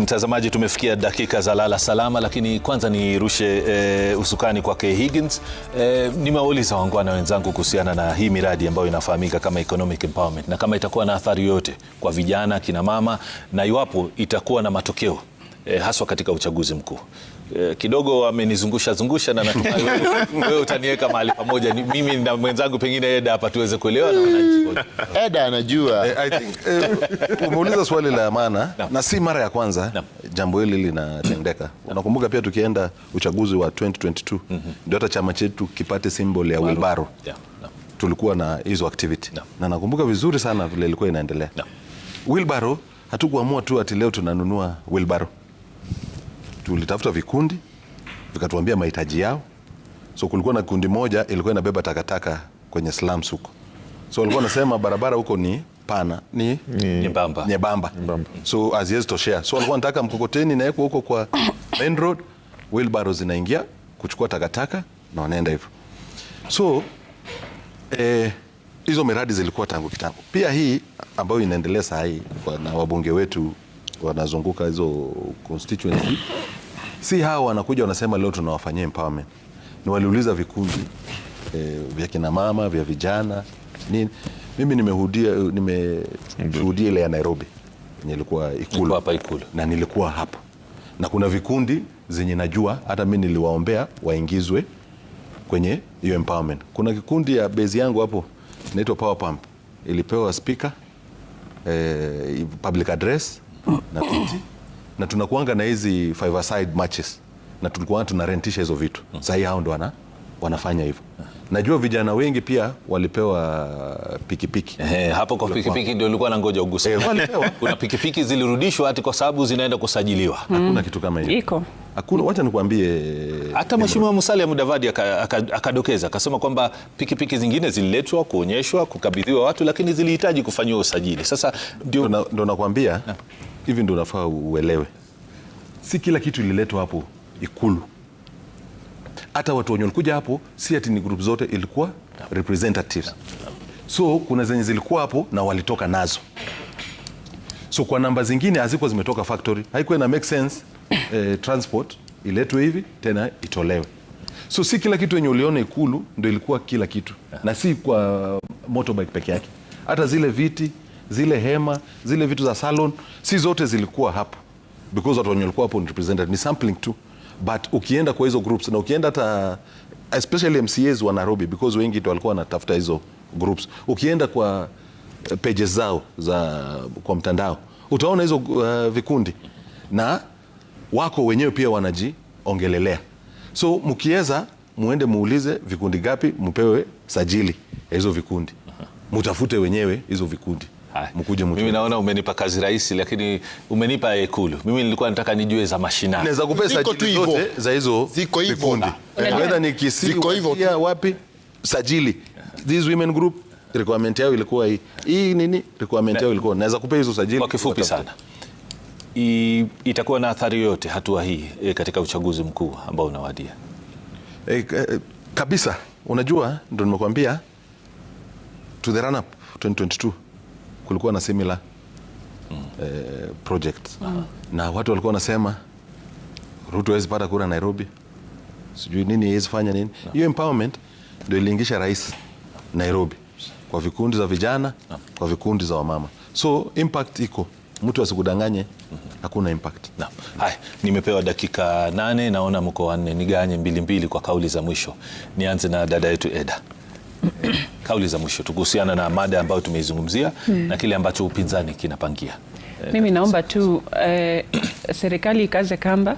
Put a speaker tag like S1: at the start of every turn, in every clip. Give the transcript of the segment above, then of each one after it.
S1: Mtazamaji, tumefikia dakika za lala salama, lakini kwanza nirushe e, usukani kwake Higgins. E, nimewauliza wangwana wenzangu kuhusiana na hii miradi ambayo inafahamika kama economic empowerment na kama itakuwa na athari yoyote kwa vijana, kina mama na iwapo itakuwa na matokeo e, haswa katika uchaguzi mkuu. Eh, kidogo amenizungusha zungusha na natumai wewe utaniweka mahali pamoja ni, mimi na mwenzangu pengine Eda hapa tuweze kuelewa na wananchi.
S2: Eda anajua. Eh, I think
S1: eh, umeuliza swali la maana no. na si mara ya kwanza no. jambo hili linatendeka no. unakumbuka pia tukienda uchaguzi wa 2022 mm -hmm. ndio hata chama chetu kipate symbol ya wilbaro yeah. no. tulikuwa na hizo activity no. na nakumbuka vizuri sana vile ilikuwa inaendelea no. wilbaro hatukuamua tu ati leo tunanunua wilbaro tulitafuta vikundi vikatuambia mahitaji yao, so kulikuwa na kundi moja ilikuwa inabeba takataka kwenye slums huko, so walikuwa wanasema barabara huko ni pana, ni
S2: nyembamba
S1: nyembamba, so haziwezi toshea, so walikuwa wanataka mkokoteni naekwa huko kwa main road, wilbaro zinaingia kuchukua takataka na wanaenda hivyo. So eh, hizo miradi zilikuwa tangu kitambo. Pia hii ambayo inaendelea saa hii na wabunge wetu wanazunguka hizo constituency si hawa wanakuja wanasema leo tunawafanyia empowerment. Ni waliuliza vikundi e, vya kina mama vya vijana nini. Mimi nimeshuhudia nimeshuhudia ile ya Nairobi, nilikuwa Ikulu hapa Ikulu na nilikuwa hapo, na kuna vikundi zenye najua hata mimi niliwaombea waingizwe kwenye hiyo empowerment. Kuna kikundi ya base yangu hapo inaitwa Power Pump, ilipewa speaker eh, public address na kiti na tunakuanga na hizi five side matches na tulikuwa tunarentisha hizo vitu mm. Sahii hao ndo wana, wanafanya hivyo mm. Najua vijana wengi pia walipewa pikipiki
S2: eh, hapo kwa pikipiki ndio ilikuwa na ngoja uguse eh, kuna pikipiki zilirudishwa hati kwa sababu zinaenda kusajiliwa
S3: mm. Hakuna kitu kama hiyo
S4: iko
S1: hakuna. Wacha nikwambie
S2: hata Mheshimiwa Musalia Mudavadi akadokeza akasema kwamba pikipiki zingine zililetwa kuonyeshwa kukabidhiwa watu, lakini zilihitaji kufanyiwa usajili. Sasa
S1: ndio nakwambia eh hivi ndio unafaa uelewe, si kila kitu ililetwa hapo Ikulu. Hata watu wenye walikuja hapo si ati ni group zote ilikuwa representatives. So kuna zenye zilikuwa hapo na walitoka nazo. So kwa namba zingine hazikuwa zimetoka factory, haikuwa na make sense eh, transport iletwe hivi tena itolewe. So si kila kitu yenye uliona Ikulu ndio ilikuwa kila kitu, na si kwa motorbike peke yake, hata zile viti zile hema, zile vitu za salon, si zote zilikuwa hapo because watu wenye walikuwa hapo ni represented, ni sampling tu, but ukienda kwa hizo groups na ukienda hata especially MCAs wa Nairobi because wengi ndio walikuwa wanatafuta hizo groups, ukienda kwa eh, pages zao za kwa mtandao utaona hizo uh, vikundi na wako wenyewe pia wanajiongelelea. So mkiweza muende muulize vikundi gapi, mpewe sajili ya hizo vikundi, mutafute wenyewe hizo vikundi
S2: mkuje mtu. Mimi naona umenipa kazi rahisi, lakini umenipa Ikulu. Mimi nilikuwa nataka nijue za mashinani.
S1: Naweza kupesa zote za hizo vikundi. Ah, naweza nikisiri wapi sajili these women group requirement yao ilikuwa hii hii nini requirement yao ilikuwa naweza kupea hizo sajili.
S2: Kwa kifupi sana I, itakuwa na athari yoyote hatua hii e, katika uchaguzi mkuu ambao unawadia
S1: e, kabisa. Unajua, ndo nimekuambia to the run up 2022 kulikuwa na similar mm. eh, project mm. na watu walikuwa wanasema Ruto hawezi pata kura Nairobi, sijui nini hawezi fanya nini. Hiyo empowerment ndio iliingisha rais Nairobi kwa vikundi za vijana no. kwa vikundi za wamama, so impact iko mtu asikudanganye mm-hmm. hakuna impact. Na,
S2: hai, nimepewa dakika nane naona mko wanne, niganye mbili mbili kwa kauli za mwisho. Nianze na dada yetu Eda kauli za mwisho tu kuhusiana na mada ambayo tumeizungumzia mm. na kile ambacho upinzani kinapangia.
S4: Mimi naomba tu eh, serikali ikaze kamba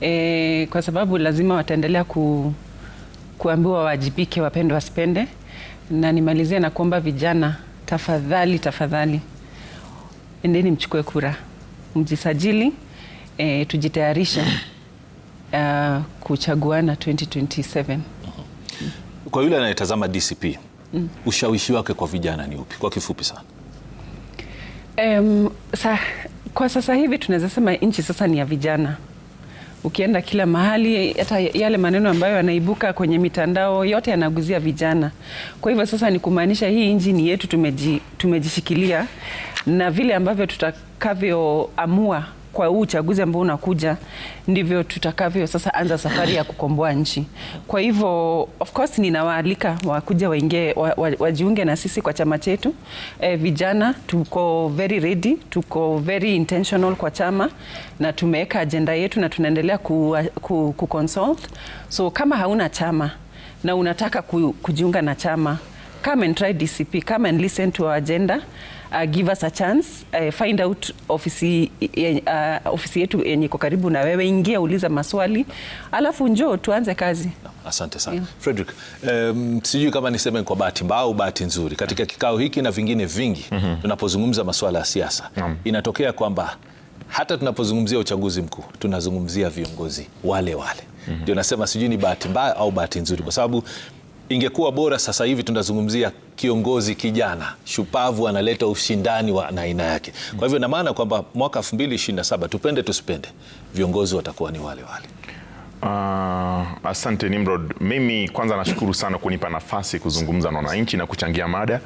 S4: eh, kwa sababu lazima wataendelea ku, kuambiwa wajibike, wapende wasipende. Na nimalizie na kuomba vijana, tafadhali tafadhali, endeni mchukue kura, mjisajili eh, tujitayarishe uh, kuchaguana 2027
S2: kwa yule anayetazama DCP mm. ushawishi wake kwa vijana ni upi kwa kifupi sana?
S4: Um, sa, kwa sasa hivi tunaweza sema nchi sasa ni ya vijana. Ukienda kila mahali, hata yale maneno ambayo yanaibuka kwenye mitandao yote yanaguzia vijana. Kwa hivyo sasa ni kumaanisha hii nchi ni yetu, tumeji, tumejishikilia na vile ambavyo tutakavyoamua kwa huu uchaguzi ambao unakuja ndivyo tutakavyo sasa anza safari ya kukomboa nchi. Kwa hivyo of course ninawaalika wakuja waingie wa, wajiunge na sisi kwa chama chetu. E, vijana tuko very ready, tuko very intentional kwa chama na tumeweka ajenda yetu na tunaendelea ku, ku, ku consult. So kama hauna chama na unataka ku, kujiunga na chama come and try DCP, come and listen to our agenda uh, give us a chance uh, find out ofisi eh, uh, ofisi yetu yenye iko karibu na wewe, ingia, uliza maswali alafu njoo tuanze kazi.
S2: Asante sana yeah. Frederick, um, sijui kama niseme kwa bahati mbaya au bahati nzuri katika kikao hiki na vingine vingi mm -hmm. tunapozungumza masuala ya siasa mm. inatokea kwamba hata tunapozungumzia uchaguzi mkuu tunazungumzia viongozi wale wale mhm. ndio mm -hmm. nasema sijui ni bahati mbaya au bahati nzuri kwa sababu ingekuwa bora sasa hivi tunazungumzia kiongozi kijana shupavu analeta ushindani wa aina yake. Kwa hivyo na maana kwamba mwaka 2027 tupende tusipende, viongozi watakuwa ni wale wale.
S5: Uh, asante Nimrod. Mimi kwanza nashukuru sana kunipa nafasi kuzungumza na wananchi na kuchangia mada.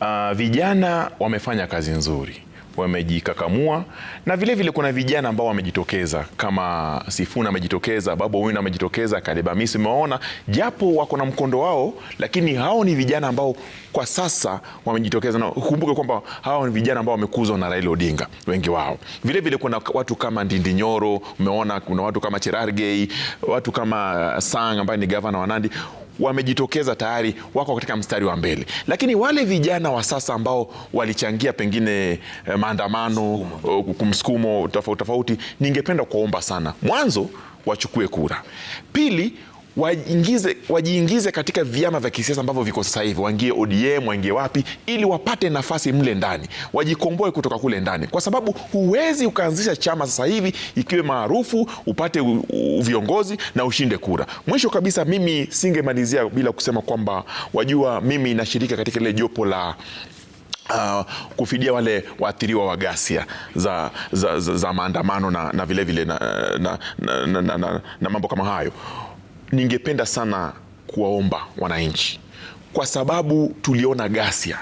S5: Uh, vijana wamefanya kazi nzuri wamejikakamua na vile vile kuna vijana ambao wamejitokeza kama Sifuna amejitokeza, Babu Owino amejitokeza, Caleb Hamisi umewaona, japo wako na mkondo wao, lakini hao ni vijana ambao kwa sasa wamejitokeza, na ukumbuke kwamba hao ni vijana ambao wamekuzwa na Raila Odinga, wengi wao. Vile vile kuna watu kama Ndindi Nyoro, umeona, kuna watu kama Cherargei, watu kama Sang ambaye ni gavana wa Nandi wamejitokeza tayari, wako katika mstari wa mbele, lakini wale vijana wa sasa ambao walichangia pengine eh, maandamano kumsukumo eh, tofauti tofauti, ningependa kuwaomba sana, mwanzo wachukue kura, pili wajiingize wajiingize katika vyama vya kisiasa ambavyo viko sasa hivi, waingie ODM, waingie wapi, ili wapate nafasi mle ndani, wajikomboe kutoka kule ndani, kwa sababu huwezi ukaanzisha chama sasa hivi ikiwe maarufu upate viongozi na ushinde kura. Mwisho kabisa, mimi singemalizia bila kusema kwamba wajua, mimi nashirika katika lile jopo la Uh, kufidia wale waathiriwa wa ghasia za, za, za, za maandamano na, na vilevile na, na, na, na, na, na, na mambo kama hayo ningependa sana kuwaomba wananchi, kwa sababu tuliona ghasia,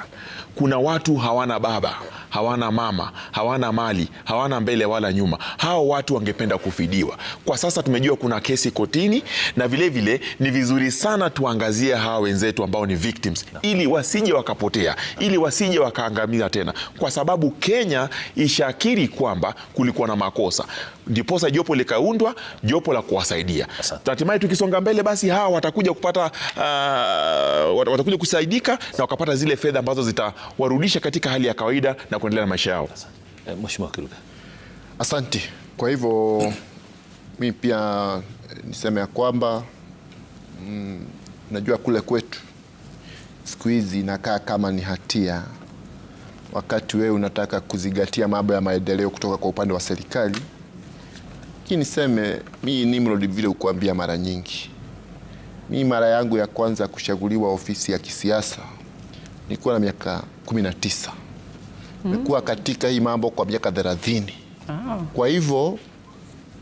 S5: kuna watu hawana baba, hawana mama, hawana mali, hawana mbele wala nyuma. Hao watu wangependa kufidiwa. Kwa sasa tumejua kuna kesi kotini, na vilevile vile, ni vizuri sana tuangazie hawa wenzetu ambao ni victims, ili wasije wakapotea, ili wasije wakaangamia tena, kwa sababu Kenya ishakiri kwamba kulikuwa na makosa, ndiposa jopo likaundwa, jopo la kuwasaidia. Hatimaye tukisonga mbele, basi hawa watakuja kupata uh, watakuja kusaidika na wakapata zile fedha ambazo zitawarudisha katika hali ya kawaida na kuendelea na maisha yao.
S2: Eh, Mheshimiwa Kiruka,
S6: asante. Kwa hivyo mi pia eh, niseme ya kwamba mm, najua kule kwetu siku hizi inakaa kama ni hatia, wakati wewe unataka kuzingatia mambo ya maendeleo kutoka kwa upande wa serikali. Lakini niseme mi Nimrod, vile ukuambia mara nyingi, mi mara yangu ya kwanza kuchaguliwa ofisi ya kisiasa nilikuwa na miaka 19. Nimekuwa katika hii mambo kwa miaka 30. Ah. Kwa hivyo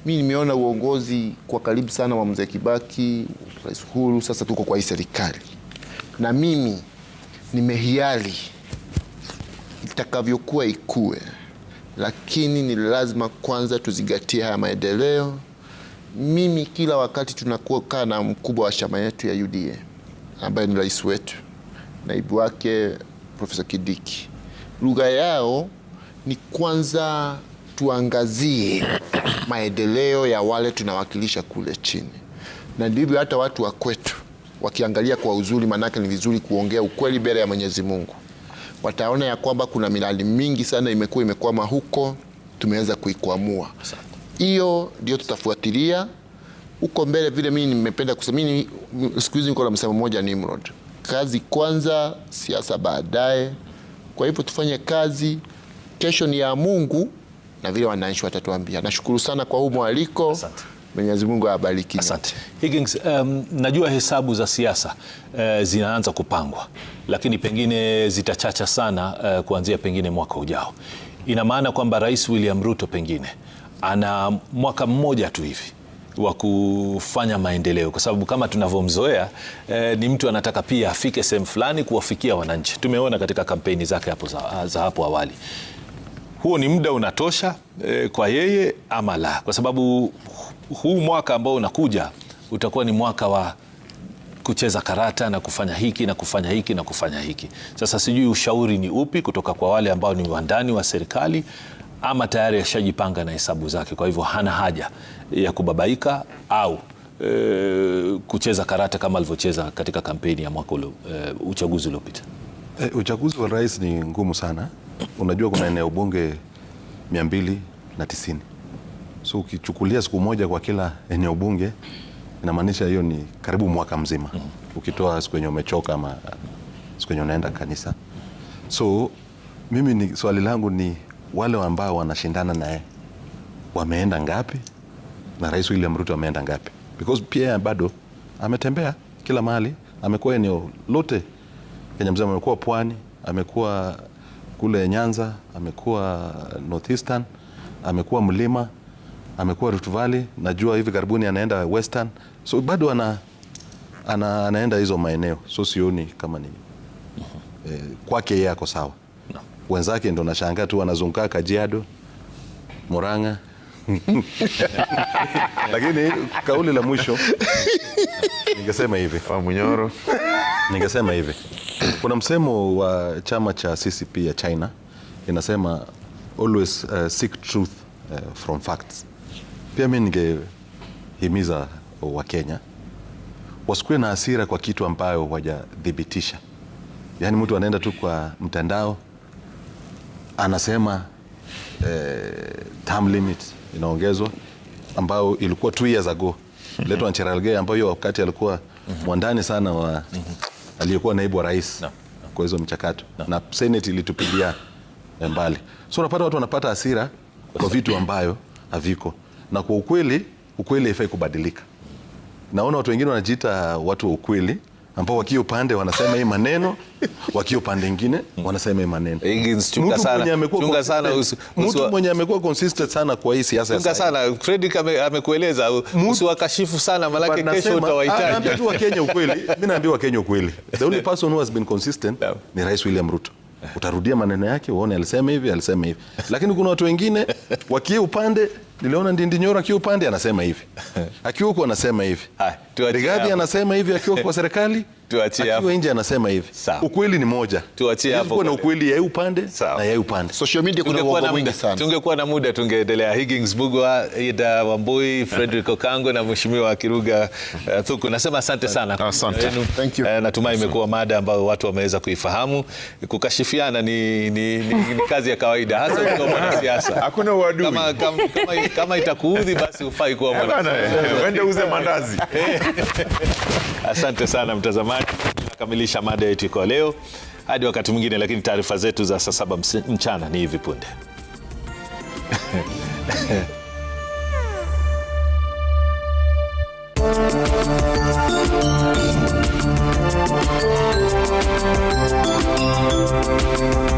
S6: mi nimeona uongozi kwa karibu sana wa mzee Kibaki, Rais huru sasa tuko kwa hii serikali, na mimi nimehiari itakavyokuwa ikue, lakini ni lazima kwanza tuzingatie haya maendeleo. Mimi kila wakati tunakukaa na mkubwa wa chama yetu ya UDA ambaye ni rais wetu, naibu wake Profesa Kidiki lugha yao ni kwanza tuangazie maendeleo ya wale tunawakilisha kule chini, na ndivyo hata watu wa kwetu wakiangalia kwa uzuri, maanake ni vizuri kuongea ukweli mbele ya Mwenyezi Mungu, wataona ya kwamba kuna miradi mingi sana imekuwa imekwama huko, tumeweza kuikwamua. Hiyo ndio tutafuatilia huko mbele. Vile mimi nimependa kusema, mimi siku hizi niko na msemo mmoja, Nimrod, kazi kwanza, siasa baadaye. Kwa hivyo tufanye kazi, kesho ni ya Mungu na vile wananchi watatuambia. Nashukuru sana kwa huu mwaliko. Mwenyezi Mungu awabariki.
S2: Asante. Higgins, um, najua hesabu za siasa uh, zinaanza kupangwa lakini pengine zitachacha sana uh, kuanzia pengine mwaka ujao. Ina maana kwamba Rais William Ruto pengine ana mwaka mmoja tu hivi wa kufanya maendeleo, kwa sababu kama tunavyomzoea eh, ni mtu anataka pia afike sehemu fulani kuwafikia wananchi. Tumeona katika kampeni zake hapo za, za hapo awali. Huo ni muda unatosha eh, kwa yeye ama la? Kwa sababu huu mwaka ambao unakuja utakuwa ni mwaka wa kucheza karata na kufanya hiki na kufanya hiki na kufanya hiki. Sasa sijui ushauri ni upi kutoka kwa wale ambao ni wandani wa serikali ama tayari ashajipanga na hesabu zake, kwa hivyo hana haja ya kubabaika au e, kucheza karata kama alivyocheza katika kampeni ya mwaka e, uchaguzi uliopita.
S1: E, uchaguzi wa rais ni ngumu sana. Unajua kuna eneo bunge 290 so ukichukulia siku moja kwa kila eneo bunge inamaanisha hiyo ni karibu mwaka mzima, mm-hmm. ukitoa siku yenye umechoka ama siku yenye unaenda kanisa. So mimi ni swali langu ni wale ambao wanashindana naye wameenda ngapi na Rais William Ruto ameenda ngapi? Because pia bado ametembea kila mahali, amekuwa eneo lote Kenya mzima, amekuwa pwani, amekuwa kule Nyanza, amekuwa Northeastern, amekuwa mlima, amekuwa Rift Valley, najua hivi karibuni anaenda Western, so bado ana, ana, anaenda hizo maeneo, so sioni kama ni eh, kwake yeye ako sawa no wenzake ndo nashangaa tu wanazunguka Kajiado, Murang'a lakini kauli la mwisho ningesema hivi Munyoro, ningesema hivi, kuna msemo wa chama cha CCP ya China inasema always uh, seek truth uh, from facts. Pia mimi ningehimiza Wakenya wasikue na hasira kwa kitu ambayo wajathibitisha Yaani mtu anaenda tu kwa mtandao anasema eh, term limit inaongezwa ambayo ilikuwa two years ago. Letwa Cherargei ambayo wakati alikuwa mwandani sana wa aliyekuwa naibu wa rais no, no. Kwa hizo mchakato no. Na Senate ilitupilia eh, mbali, so unapata watu wanapata hasira kwa vitu ambayo haviko, na kwa ukweli, ukweli haifai kubadilika. Naona watu wengine wanajiita watu wa ukweli ambao wakiwa upande wanasema hii maneno, wakiwa upande mwingine wanasema hii maneno.
S2: Chunga sana,
S1: Mtu mwenye amekuwa consistent sana kwa hii siasa
S2: chunga sana. Fredrick amekueleza, usiwakashifu sana malaki, kesho utawahitaji. Ah, naambia
S1: tu Wakenya ukweli, mimi naambia Wakenya ukweli, the only person who has been consistent ni Rais William Ruto. Utarudia maneno yake, uone alisema hivi, alisema hivi, lakini kuna watu wengine wakiwa upande niliona Ndindinyoro akiwa upande anasema hivi, akiwa huku anasema hivi, Rigathi anasema hivi akiwa kwa serikali tuachie hapo. Nje anasema hivi. Sawa. Ukweli ni moja. Tuachie hapo. Kuna ukweli ya upande na ya upande.
S2: Social media kuna uongo mwingi sana. Tungekuwa na muda tungeendelea. Higgins Bugwa, Ida Wambui, Frederick Okango na Mheshimiwa Kiruga uh, Thuku. Nasema asante sana. Asante. Thank you. Uh, natumai imekuwa mada ambayo watu wameweza kuifahamu. Kukashifiana ni, ni, ni, ni kazi ya kawaida hasa ukiwa mwanasiasa.
S1: Hakuna uadui. Kama,
S2: kama, kama, kama itakuudhi basi ufai kuwa mwanasiasa.
S1: Wende uze mandazi.
S2: Asante sana mtazamaji. Tunakamilisha mada yetu kwa leo hadi wakati mwingine, lakini taarifa zetu za saa saba mchana ni hivi punde.